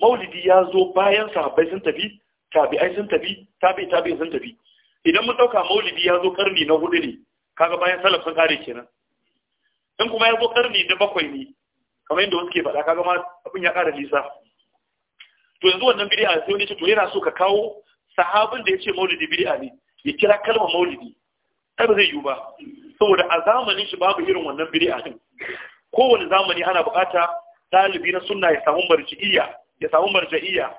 maulidi ya zo bayan sahabbai sun tafi tabi'ai sun tafi tabi tabi sun tafi idan mun ɗauka maulidi ya zo karni na hudu ne kaga bayan salaf sun kare kenan in kuma ya zo karni na bakwai ne kamar yadda wasu ke faɗa kaga ma abin ya ƙara nisa to yanzu wannan bid'a sai wani ce to yana so ka kawo sahabin da ya ce maulidi bid'a ne ya kira kalmar maulidi kada zai yiwu ba saboda a zamanin shi babu irin wannan bid'a din kowane zamani ana bukata ɗalibi na sunna ya samu marji'iyya ya samu marji'iyya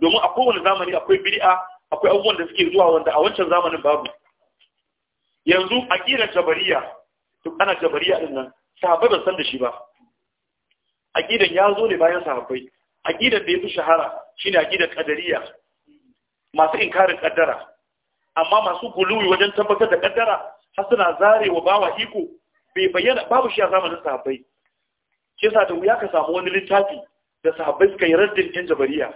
domin a kowane zamani akwai bid'a akwai abubuwan da suke zuwa wanda a wancan zamanin babu yanzu aqidar jabariya to ana jabariya din nan sahabbai ban san da shi ba aqidan ya zo ne bayan sahabbai aqidan da yafi shahara shine aqidan qadariya masu inkarin ƙaddara. amma masu guluwi wajen tabbatar da ƙaddara har suna zarewa bawa iko bai bayyana babu shi a zamanin sahabbai ke sa da wuya ka samu wani littafi da sahabbai suka yi raddin yan jabariya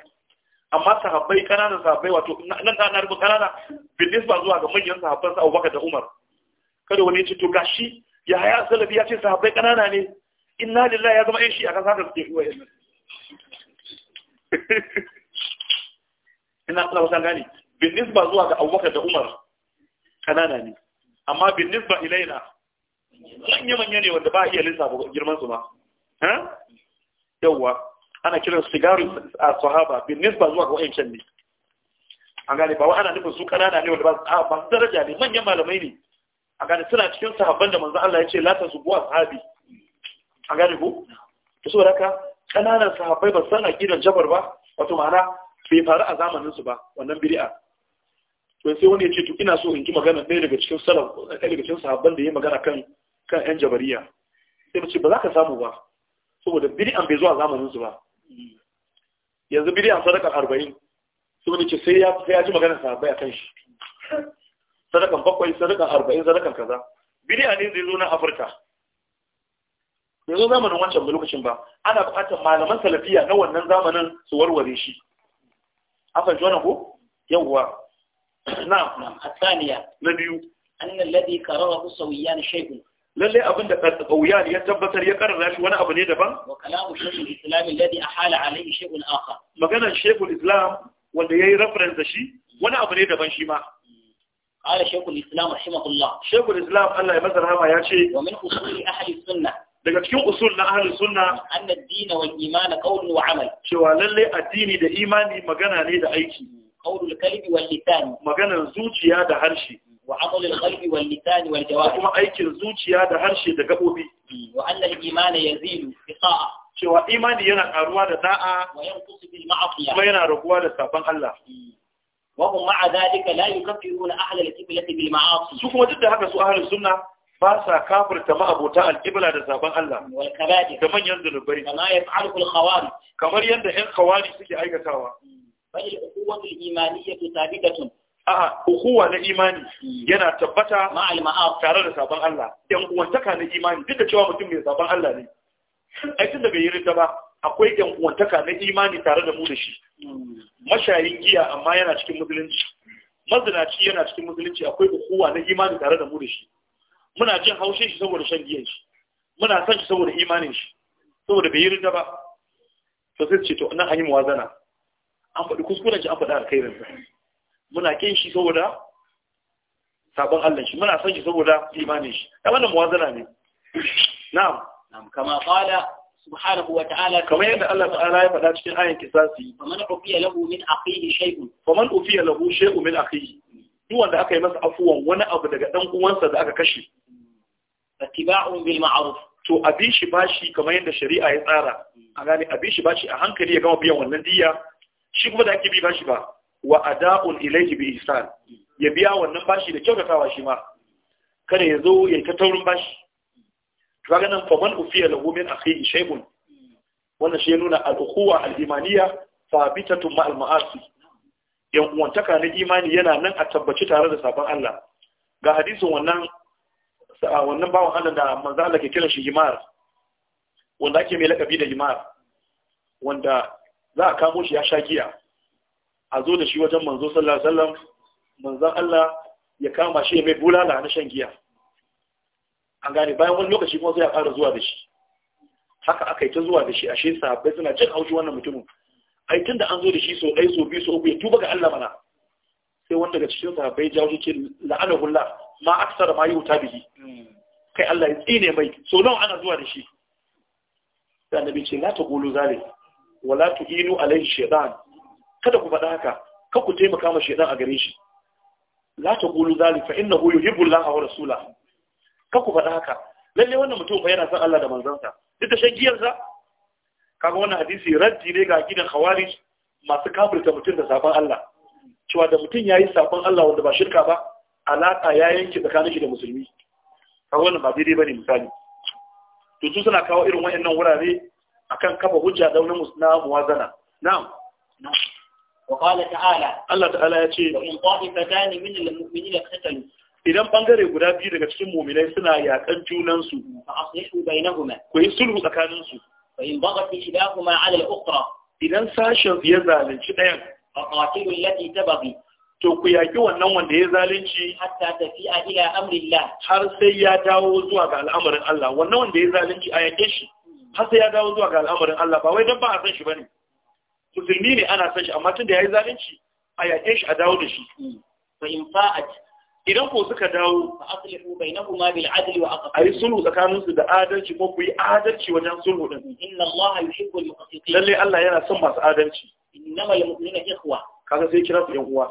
amma sahabbai kananan sahabbai wato nan ta narbu kanana ba zuwa ga manyan sahabban Abu Bakar da Umar kada wani ya ce to gashi ya haya salafi ya ce sahabbai kanana ne inna lillahi ya zama yan shi a kasa da suke yanzu ina kula wasan gani ba zuwa ga Abubakar da Umar kanana ne amma ba ilaina manya-manya ne wanda ba a iya lissafa girman su ma yawwa ana kiran sigarin a sahaba bin nisba zuwa ga wa'ancan ne an gane ba wa ana nufin su kanana ne wanda ba su daraja ne manyan malamai ne a gane suna cikin sahabban da manzo Allah ya ce lata su buwa sahabi an gane ko to saboda haka kananan sahabbai ba san aqidar jabar ba wato ma'ana bai faru a zamanin su ba wannan bid'a to sai wani ya ce to ina so in ji magana ɗaya daga cikin salaf ɗaya daga cikin sahabban da ya magana kan kan yan jabariya sai mace ba za ka samu ba saboda bid'an bai zuwa zamaninsu ba yanzu bid'an sadakar arba'in su wani ce sai ya ji magana ji bai a akan shi sadakan bakwai sadakan arba'in sadakan kaza bid'a ne zai zo na Afirka bai zo zamanin wancan lokacin ba ana bukatar malaman salafiya na wannan zamanin su warware shi akan jona ko yawwa Na a tsaniya na biyu annal ladhi karahu sawiyan shay'un lalle abin da kauyan ya tabbatar ya karanta shi wani abu ne daban wa kalamu shaykhul islam alladhi ahala alayhi shay'un akhar maganar shaykhul islam wanda yayi reference shi wani abu ne daban shi ma قال شيخ الإسلام رحمه الله شيخ الإسلام قال الله مثلا هما يأتي ومن أصول أهل السنة daga cikin usul na ahlus sunna anna ad-din wal iman qawl wa amal addini da imani magana ne da aiki qawlul kalbi wal lisan maganar zuciya da harshe wa amal al-qalbi wal kuma aikin zuciya da harshe da gabobi mm, wa anna al-iman yazilu biqa'a yana karuwa da da'a wa yanqusu kuma yana raguwa da saban Allah mm. wa hum ma'a dhalika la yukaffiruna ahla al-qiblati bil ma'asi su kuma duk da haka su sunna ba sa kafirta ma'abota al'ibla da sabon Allah da manyan zunubai kamar yadda ‘yan kawari suke aikatawa. Fa'il mm. hukumar imaniyyar sabitatun a ukuwa na imani yana tabbata tare da sabon Allah yan uwantaka na imani duk da cewa mutum mai sabon Allah ne ai tunda bai yi ridda ba akwai yan uwantaka na imani tare da mu da shi mashayin giya amma yana cikin musulunci mazinaci yana cikin musulunci akwai ukuwa na imani tare da mu da shi muna jin haushin shi saboda shan giyan shi muna son shi saboda imanin shi saboda bai yi ridda ba to sai ce to nan an yi muwazana an faɗi kuskuren shi an faɗi alkhairin muna kin shi saboda sabon Allah shi muna son shi saboda imanin shi da wannan muwazana ne na'am na'am kama qala subhanahu wa ta'ala kama yadda Allah ta'ala ya faɗa cikin ayan kisasi faman ufiya lahu min akhihi shay'un faman ufiya lahu shay'un min akhihi duk wanda aka yi masa afuwan wani abu daga dan uwansa da aka kashe ittiba'un bil ma'ruf to abi shi bashi kamar yadda shari'a ya tsara a gane abi shi bashi a hankali ya gama biyan wannan diya shi kuma da ake bi bashi ba wa ada'un ilayhi bi ihsan ya biya wannan bashi da kyautatawa shi ma kada ya zo ya ta taurin bashi to ga nan fa man ufiya lahu min akhihi shay'un wannan shi ya nuna al-ukhuwa al-imaniyya thabitatu ma al-ma'asi yan uwantaka na imani yana nan a tabbaci tare da sabon Allah ga hadisin wannan wannan bawon Allah da manzo Allah ke kira shi himar wanda ake mai lakabi da himar wanda za a kamo shi ya sha giya a zo da shi wajen manzo sallallahu alaihi wasallam manzon Allah ya kama shi ya mai bulala na shan giya an gane bayan wani lokaci kuma sai ya fara zuwa da shi haka aka yi ta zuwa da shi ashe sahabbai suna jin haushi wannan mutumin ai tun da an zo da shi so ɗai so biyu so uku ya tuba ga Allah mana sai wanda daga cikin sahabbai jawo shi la'ana la'anahullah ma aksar ma yi wuta bihi kai Allah ya tsine mai so nawa ana zuwa da shi sai annabi ce la taqulu zalim wala tu inu alayhi shaytan kada ku faɗa haka kada ku taimaka ma shaidan a gare shi la ta qulu zali fa hu yuhibbu Allah wa rasulahu Ka ku faɗa haka lalle wannan mutum fa yana son Allah da sa. duk da shagiyar sa kaga wannan hadisi raddi ne ga gidan khawarij masu kafirta mutum da sabon Allah cewa da mutum yayi sabon Allah wanda ba shirka ba alaka ya yanke tsakanin shi da musulmi kaga wannan ba daidai bane misali to su suna kawo irin wayannan wurare akan kafa hujja da wani musna muwazana na'am na'am Allah ta'ala الله تعالى idan ɓangare guda biyu daga cikin muminai suna yaƙan junansu fa aslihu ku yi sulhu tsakaninsu in idan sashen ya zalunci ɗayan fa to ku yaki wannan wanda ya zalunci hatta tafi'a ila har sai ya dawo zuwa ga al'amarin Allah wannan wanda ya zalunci a yake shi har sai ya dawo zuwa ga al'amarin Allah ba wai dan ba a san shi bane musulmi ne ana san shi amma tun da ya yi zalunci a yaƙe shi a dawo da shi fa in fa'at idan ko suka dawo fa na kuma bil adli wa aqsat ayi sulhu tsakaninsu su da adalci ko ku yi adalci wajen sulhu din inna allaha yuhibbu al muqsitin lalle Allah yana son masu adalci innamal mu'minuna ikhwa kaga sai kira su yan uwa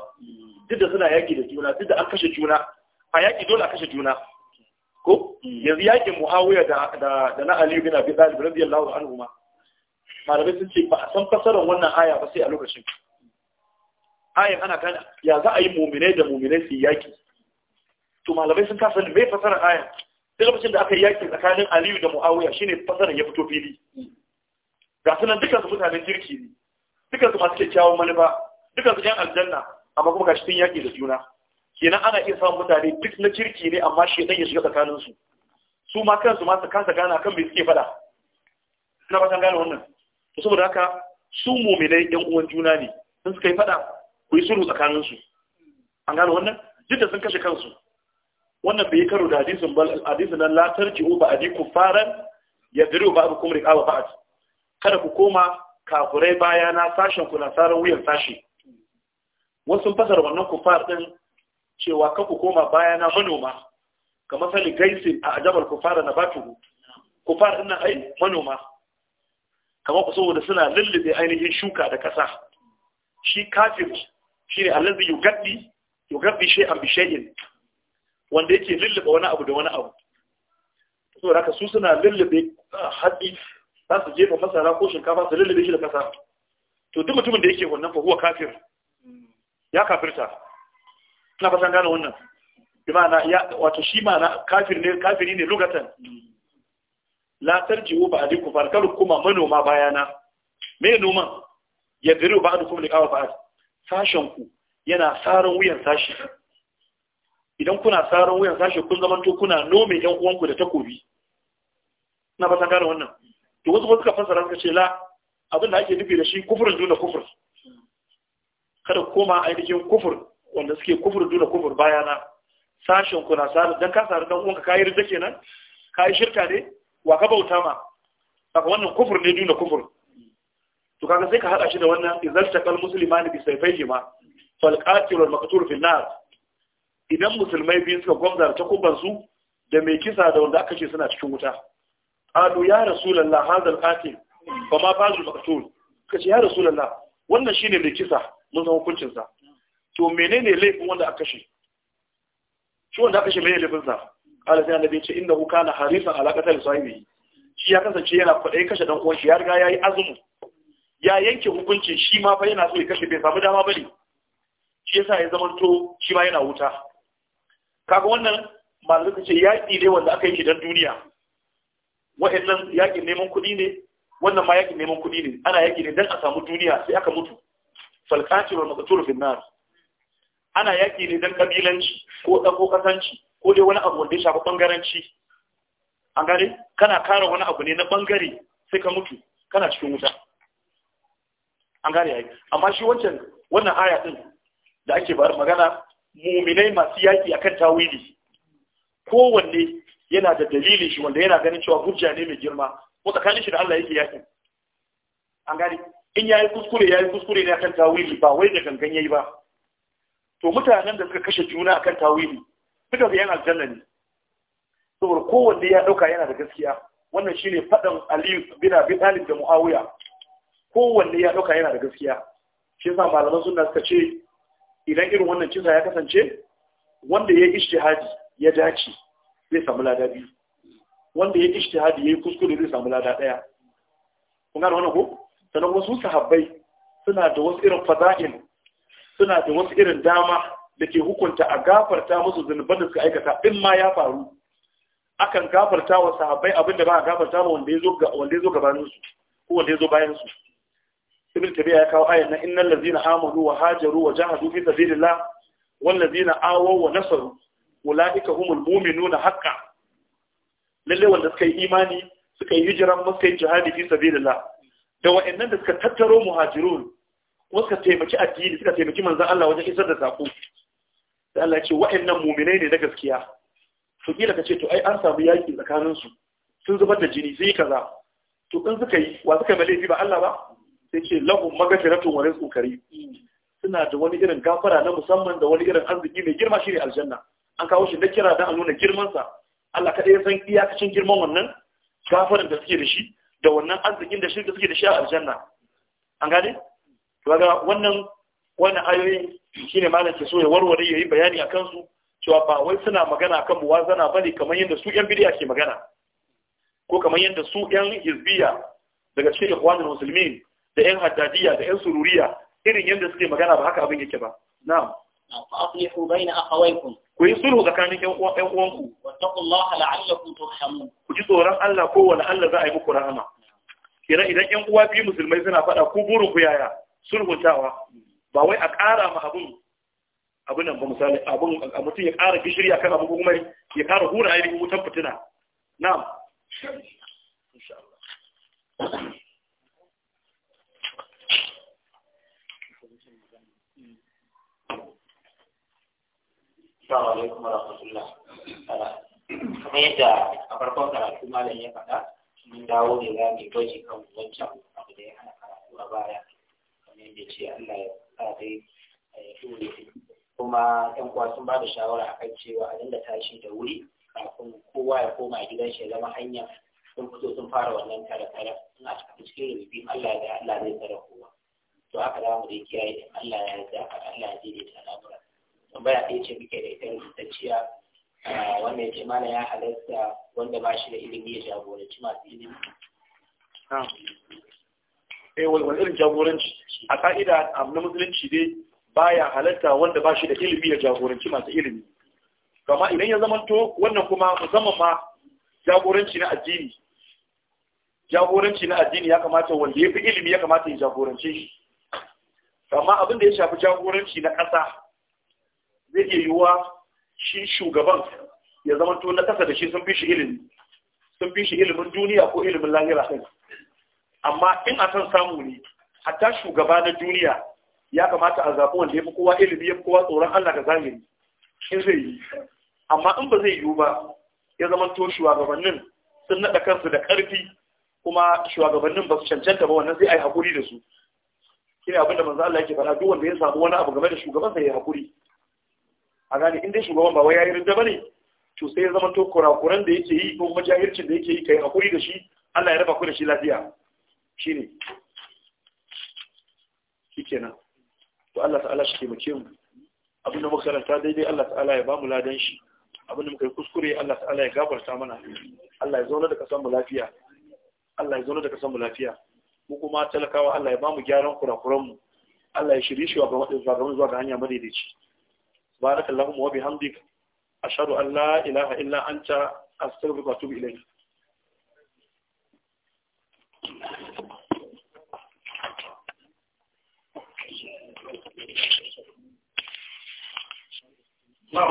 duk da suna yaƙi da juna duk da an kashe juna a yaƙi dole a kashe juna ko mm. yanzu yaƙin muawiya da da na ali bin abi talib radiyallahu anhu ma malamai sun ce ba a san fasarar wannan aya ba sai a lokacin ayan ana kan ya za a yi muminai da muminai su yaki to malamai sun kasa mai fasarar ayan sai lokacin da aka yi yaki tsakanin aliyu da muawiya shine fasarar ya fito fili ga sunan dukkan su mutanen kirki ne dukkan su masu kyakkyawan manufa dukkan su yan aljanna amma kuma gashi sun yaki da juna kenan ana iya samun mutane duk na kirki ne amma shedan ya shiga tsakanin su su ma kansu ma su kasa gana kan me suke fada ina ba gane wannan saboda haka su mu'minai yan uwan juna ne sun suka yi fada ku yi sulhu tsakanin su an gano wannan duk sun kashe kansu wannan bai karo da hadisin bal hadisin nan la tarji'u ba'di kufaran kuma ba'dukum ba ba'd kada ku koma kafurai baya na sashen ku na sarar wuyan sashi wasu fasar wannan kufar din cewa ka ku koma baya na manoma kamar sani gaisin a ajabar kufara na batu kufar din nan ai manoma kamar ku saboda suna lullube ainihin shuka da ƙasa shi kafir shi ne allazi yugaddi yugaddi shi bi shay'in wanda yake lullube wani abu da wani abu saboda haka su suna lullube ah, haddi za su jefa masara ko shinkafa su lullube shi da ƙasa to duk mutumin da yake wannan fahuwa kafir ya kafirta ina fasan gane wannan bi ma'ana ya wato shi ma'ana kafir ne kafiri ne lugatan la tarji'u ba'dikum farkalu kuma manoma bayana me noman ya diru ba'dukum li qawa ba'd sashen ku yana saran wuyan sashi idan kuna saran wuyan sashi kun zaman to kuna nome yan uwanku da takobi na ba gane wannan to wasu suka fassara suka ce la abin da ake nufi da shi kufurin duna kufur kada koma ainihin kufur wanda suke kufur duna kufur bayana sashen kuna saran dan ka saran dan uwanka kayi ridda kenan kayi shirka ne wa ka bauta ma saka wannan kufur ne duna kufur to kaga sai ka hada shi da wannan idan takal muslimani bi sayfihi ma fal qatil wal maqtul fil nar idan musulmai biyu suka gwamza ta kuban su da mai kisa da wanda aka ce suna cikin wuta qalu ya rasulullah hadal qatil fa ma ba'd maqtul kace ya rasulullah wannan shine mai kisa mun san hukuncin sa to menene laifin wanda aka kashe shi wanda aka kashe menene laifin sa qala annabi ce innahu kana harisan alaƙatar qatl sahibi shi ya kasance yana faɗai kashe dan uwan shi ya riga ya yi azumi ya yanke hukuncin shi ma fa yana so ya kashe bai samu dama bane shi yasa ya zamanto shi ma yana wuta kaga wannan malamin suka ce yaƙi ne wanda aka yi shi dan duniya wa'annan yaƙin neman kuɗi ne wannan ma yaƙin neman kuɗi ne ana yaƙi ne dan a samu duniya sai aka mutu falqati wal fi ana yaƙi ne dan ƙabilanci ko ɗan ko kasanci ko dai wani abu wanda ya shafi bangaranci an gane kana kare wani abu ne na bangare sai ka mutu kana cikin wuta an gane yayi amma shi wancan wannan aya din da ake bayar magana muminai masu yaki akan tawili kowanne yana da dalilin shi wanda yana ganin cewa hujja ne mai girma ko tsakanin shi da Allah yake yakin an gane in yayi kuskure yayi kuskure ne akan tawili ba wai da gangan yayi ba to mutanen da suka kashe juna akan tawili duka su yan aljanna ne saboda kowanne ya dauka yana da gaskiya wannan shine faɗan aliyu bin abi talib da muawiya kowanne ya dauka yana da gaskiya shi yasa malaman sunna suka ce idan irin wannan kisa ya kasance wanda ya ijtihadi ya dace zai samu lada biyu wanda ya ya yayi kuskure zai samu lada daya kun gane wannan ko sanan wasu sahabbai suna da wasu irin fada'il suna da wasu irin dama da ke hukunta a gafarta musu zunuban da suka aikata in ma ya faru akan gafarta wa sahabbai abin da ba a gafarta ma wanda ya zo gabanin su ko wanda ya zo bayan su ibn tabi'a ya kawo ayan nan innal ladzina amanu wa hajaru wa jahadu fi sabilillah wal ladzina awaw wa nasaru ulaika humul mu'minuna haqqa lalle wanda suka yi imani suka yi hijira suka yi jihadi fi sabilillah da wa'annan da suka tattaro muhajirun kuma suka taimaki addini suka taimaki manzon Allah wajen isar da sako da Allah ce wa'annan muminai ne na gaskiya su kila ka ce to ai an samu yaki tsakanin su sun zubar da jini sai kaza to in suka yi wa suka mai laifi ba Allah ba sai ce lahum magfiratun wa rizqu karim suna da wani irin gafara na musamman da wani irin arziki mai girma shine aljanna an kawo shi da kira dan a nuna girman sa Allah kadai ya san iyakacin girman wannan gafaran da suke da shi da wannan arzikin da shi da suke da shi a aljanna an gane to ga wannan wannan ayoyi shine malam ke so ya warware yayi bayani a kansu cewa ba wai suna magana akan muwazana ne kamar yadda su yan bidiya ke magana ko kamar yadda su yan hizbiya daga cikin ikhwanul muslimin da yan haddadiya da yan sururiya irin yadda suke magana ba haka abin yake ba na'am فأصلحوا بين أخويكم ويصلحوا ذكانك يوانكم wattaqullaha la'allakum turhamun Ku ji tsoron Allah ko wani Allah za a yi muku rahama kira idan yan uwa biyu musulmai suna faɗa ku burin ku yaya sulhuntawa ba wai a ƙara ma abun abun nan ba misali abun a mutum ya ƙara gishiri a kan abu kuma ya ƙara hura irin wutan fitina Na. insha Allah Assalamu alaikum warahmatullah. yadda a farkon karatu malam ya faɗa, mun dawo ne za mu gwaji kan wancan abu da ya hana karatu a baya. Kamar yadda ce Allah ya safe eh, kuma yan kuwa sun ba da shawara kan cewa a dinga tashi da wuri kafin kowa ya koma gidan shi ya zama hanya sun fito sun fara wannan kare kare in a cikin cikin Allah da Allah zai tsara kowa to aka da mu dai kiyaye da Allah ya yarda Allah ya daidaita al'amura tambaya ɗaya ce muke da ita rubutacciya ah, wanda ya ce mana ya halarta wanda ba shi da ilimi ya jagoranci masu ilimi Eh, wani irin jagoranci a ka'ida na musulunci dai baya halatta wanda ba shi da ilimi ya jagoranci masu ilimi kama idan ya to wannan kuma musamman ma jagoranci na addini jagoranci na addini ya kamata wanda ya fi ilimi ya kamata ya jagorance shi abin da ya shafi jagoranci na ƙasa zai iya yiwuwa shi shugaban ya zama to na ƙasa da shi sun fi shi ilimi sun fi shi ilimin duniya ko ilimin lahira amma in a san samu ne hatta shugaba na duniya ya kamata a zaɓi wanda ya fi kowa ilimi ya fi kowa tsoron Allah da zahiri in zai yi amma in ba zai yiwu ba ya zama to shugabannin sun naɗa kansu da ƙarfi kuma shugabannin ba su cancanta ba wannan zai a yi haƙuri da su shi ne abin da manzo Allah yake faɗa duk wanda ya samu wani abu game da shugaban sai ya haƙuri a gane in dai shugaban ba wai ya yi rinda bane to sai ya zama to kurakuran da yake yi ko majahircin da yake yi kai haƙuri da shi Allah ya raba ku da shi lafiya shi ne shi kenan to Allah ta'ala shi muke mu abinda muka karanta daidai Allah ta'ala ya bamu ladan shi abinda muka yi kuskure Allah ta'ala ya gafarta mana Allah ya zauna da kasan mu lafiya Allah ya zauna da kasan mu lafiya mu kuma talakawa Allah ya bamu gyaran kurakuran mu Allah ya shirye shi wa gaban zuwa ga hanya madaidaici barakallahu wa bihamdika ashhadu an la ilaha illa anta astaghfiruka wa atubu ilayk